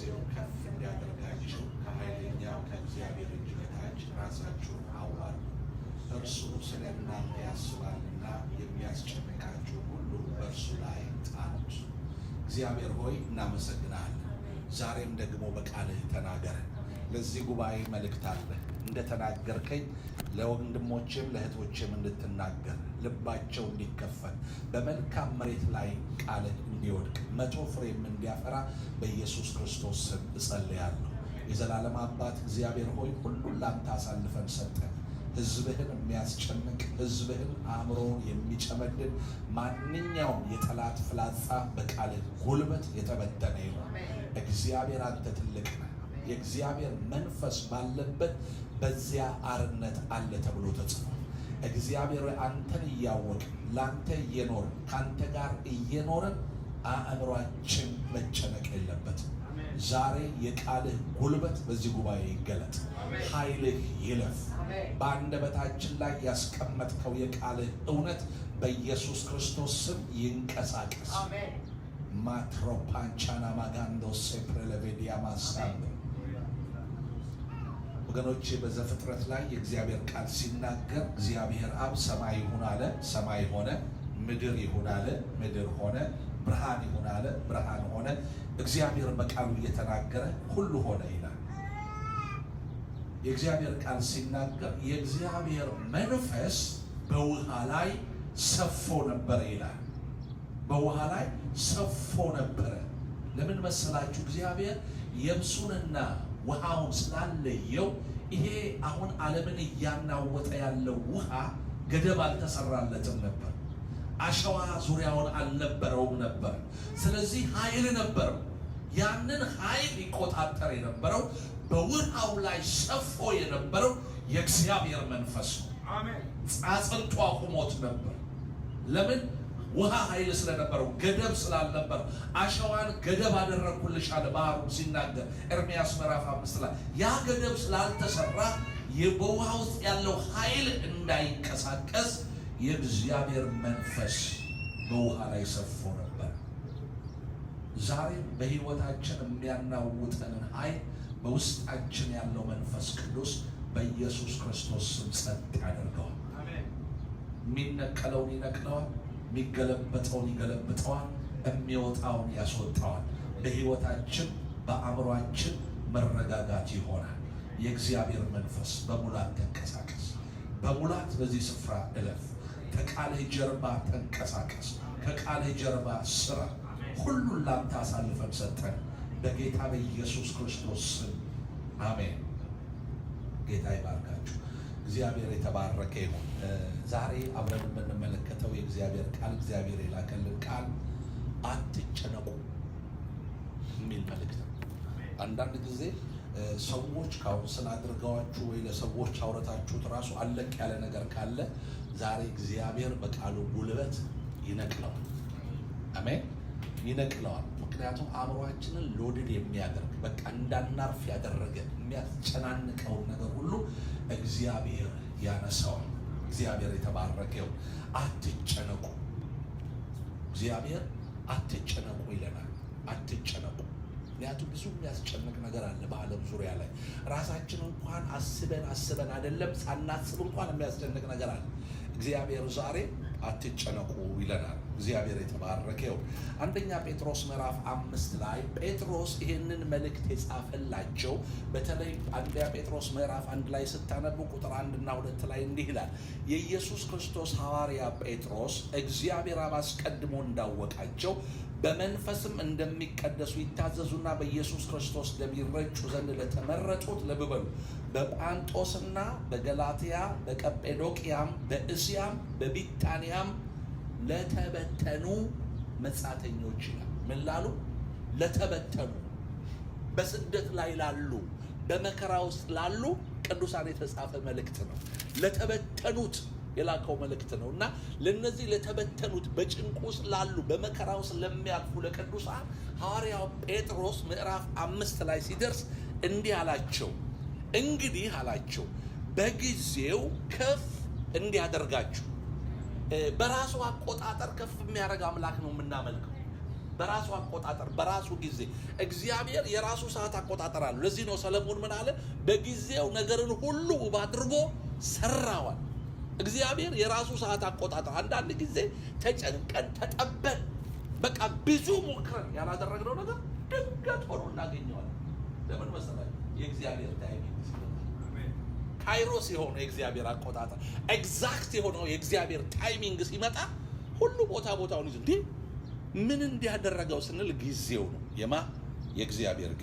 ጊዜው ከፍ እንዲያደርጋችሁ ከኃይለኛው ከእግዚአብሔር እጅ በታች ራሳችሁን አዋሉ። እርሱ ስለ እናንተ ያስባልና የሚያስጨንቃችሁ ሁሉ በእርሱ ላይ ጣሉት። እግዚአብሔር ሆይ እናመሰግናለን። ዛሬም ደግሞ በቃልህ ተናገረ። ለዚህ ጉባኤ መልእክት አለ እንደተናገርከኝ ለወንድሞችም ለእህቶችም እንድትናገር ልባቸው እንዲከፈል በመልካም መሬት ላይ ቃል እንዲወድቅ መቶ ፍሬም እንዲያፈራ በኢየሱስ ክርስቶስ ስም እጸልያለሁ። የዘላለም አባት እግዚአብሔር ሆይ ሁሉን ላንተ አሳልፈን ሰጠን። ህዝብህን የሚያስጨንቅ ህዝብህን አእምሮ የሚጨመድን ማንኛውም የጠላት ፍላጻ በቃልህ ጉልበት የተበተነ ይሆን። እግዚአብሔር አንተ ትልቅ ነህ። የእግዚአብሔር መንፈስ ባለበት በዚያ አርነት አለ ተብሎ ተጽፏል። እግዚአብሔር አንተን እያወቅ ለአንተ እየኖረ ከአንተ ጋር እየኖረ አእምሯችን መጨነቅ የለበትም። ዛሬ የቃልህ ጉልበት በዚህ ጉባኤ ይገለጥ፣ ኃይልህ ይለፍ። በአንደበታችን ላይ ያስቀመጥከው የቃልህ እውነት በኢየሱስ ክርስቶስ ስም ይንቀሳቀስ። ማትሮፓንቻና ማጋንዶ ሴፕሬለቬዲያ ማሳለ ወገኖች በዘፍጥረት ላይ የእግዚአብሔር ቃል ሲናገር እግዚአብሔር አብ ሰማይ ይሁን አለ፣ ሰማይ ሆነ። ምድር ይሁን አለ፣ ምድር ሆነ። ብርሃን ይሁን አለ፣ ብርሃን ሆነ። እግዚአብሔር በቃሉ እየተናገረ ሁሉ ሆነ ይላል። የእግዚአብሔር ቃል ሲናገር የእግዚአብሔር መንፈስ በውሃ ላይ ሰፎ ነበረ ይላል። በውሃ ላይ ሰፎ ነበረ። ለምን መሰላችሁ? እግዚአብሔር የብሱንና ውሃውን ስላለየው ይሄ አሁን ዓለምን እያናወጠ ያለው ውሃ ገደብ አልተሰራለትም ነበር። አሸዋ ዙሪያውን አልነበረውም ነበር። ስለዚህ ኃይል ነበረው። ያንን ኃይል ይቆጣጠር የነበረው በውሃው ላይ ሰፎ የነበረው የእግዚአብሔር መንፈስ ነው። አሜን። ቁሞት ነበር። ለምን? ውሃ ኃይል ስለነበረው ገደብ ስላልነበረው አሸዋን ገደብ አደረግኩልሽ አለ ባህሩ ሲናገር ኤርሚያስ ምዕራፍ አምስት ላይ ያ ገደብ ስላልተሰራ በውሃ ውስጥ ያለው ኃይል እንዳይንቀሳቀስ የእግዚአብሔር መንፈስ በውሃ ላይ ሰፎ ነበር። ዛሬ በሕይወታችን የሚያናውጠንን ኃይል በውስጣችን ያለው መንፈስ ቅዱስ በኢየሱስ ክርስቶስ ስም ጸጥ ያደርገዋል። የሚነቀለውን ይነቅለዋል። የሚገለበጠውን ይገለብጠዋል፣ የሚወጣውን ያስወጣዋል። በሕይወታችን በአእምሯችን መረጋጋት ይሆናል። የእግዚአብሔር መንፈስ በሙላት ተንቀሳቀስ፣ በሙላት በዚህ ስፍራ እለፍ። ከቃልህ ጀርባ ተንቀሳቀስ፣ ከቃልህ ጀርባ ስራ። ሁሉን ላንተ አሳልፈን ሰጠን፣ በጌታ በኢየሱስ ክርስቶስ ስም አሜን። ጌታ ይባል እግዚአብሔር የተባረከ ይሁን። ዛሬ አብረን የምንመለከተው የእግዚአብሔር ቃል እግዚአብሔር የላከልን ቃል አትጨነቁ የሚል መልእክት ነው። አንዳንድ ጊዜ ሰዎች ካውንስል አድርገዋችሁ ወይ ለሰዎች አውረታችሁት ራሱ አለቅ ያለ ነገር ካለ ዛሬ እግዚአብሔር በቃሉ ጉልበት ይነቅለዋል። አሜን፣ ይነቅለዋል። ምክንያቱም አእምሯችንን ሎድድ የሚያደርግ በቃ እንዳናርፍ ያደረገ የሚያስጨናንቀውን ነገር ሁሉ እግዚአብሔር ያነሳዋል። እግዚአብሔር የተባረከው አትጨነቁ፣ እግዚአብሔር አትጨነቁ ይለናል። አትጨነቁ ምክንያቱም ብዙ የሚያስጨንቅ ነገር አለ በዓለም ዙሪያ ላይ ራሳችን እንኳን አስበን አስበን አይደለም ሳናስብ እንኳን የሚያስጨንቅ ነገር አለ። እግዚአብሔር ዛሬ አትጨነቁ ይለናል። እግዚአብሔር የተባረከው አንደኛ ጴጥሮስ ምዕራፍ አምስት ላይ ጴጥሮስ ይህንን መልእክት የጻፈላቸው በተለይ አንደኛ ጴጥሮስ ምዕራፍ አንድ ላይ ስታነቡ ቁጥር አንድና ሁለት ላይ እንዲህ ይላል የኢየሱስ ክርስቶስ ሐዋርያ ጴጥሮስ እግዚአብሔር አብ አስቀድሞ እንዳወቃቸው በመንፈስም እንደሚቀደሱ ይታዘዙና በኢየሱስ ክርስቶስ ደም ዘንድ ለተመረጡት ለብበሉ በጳንጦስና በገላትያ በቀጴዶቅያም በእስያም በቢታንያ ማርያም ለተበተኑ መጻተኞች ይላል። ምን ላሉ? ለተበተኑ በስደት ላይ ላሉ፣ በመከራ ውስጥ ላሉ ቅዱሳን የተጻፈ መልእክት ነው። ለተበተኑት የላከው መልእክት ነው እና ለነዚህ ለተበተኑት በጭንቅ ውስጥ ላሉ በመከራ ውስጥ ለሚያልፉ ለቅዱሳን ሐዋርያው ጴጥሮስ ምዕራፍ አምስት ላይ ሲደርስ እንዲህ አላቸው። እንግዲህ አላቸው በጊዜው ከፍ እንዲያደርጋችሁ በራሱ አቆጣጠር ከፍ የሚያደርግ አምላክ ነው የምናመልከው። በራሱ አቆጣጠር በራሱ ጊዜ እግዚአብሔር የራሱ ሰዓት አቆጣጠር አለው። ለዚህ ነው ሰለሞን ምን አለ? በጊዜው ነገርን ሁሉ ውብ አድርጎ ሰራዋል። እግዚአብሔር የራሱ ሰዓት አቆጣጠር። አንዳንድ ጊዜ ተጨንቀን ተጠበን፣ በቃ ብዙ ሞክረን ያላደረግነው ነገር ድንገት ሆኖ እናገኘዋለን። ለምን መሰላችሁ? የእግዚአብሔር ታይሚንግ ካይሮስ የሆነው የእግዚአብሔር አቆጣጠር ኤግዛክት የሆነው የእግዚአብሔር ታይሚንግ ሲመጣ ሁሉ ቦታ ቦታውን ይዞ እንዲህ ምን እንዲያደረገው ስንል ጊዜው ነው የማ የእግዚአብሔር ጊዜ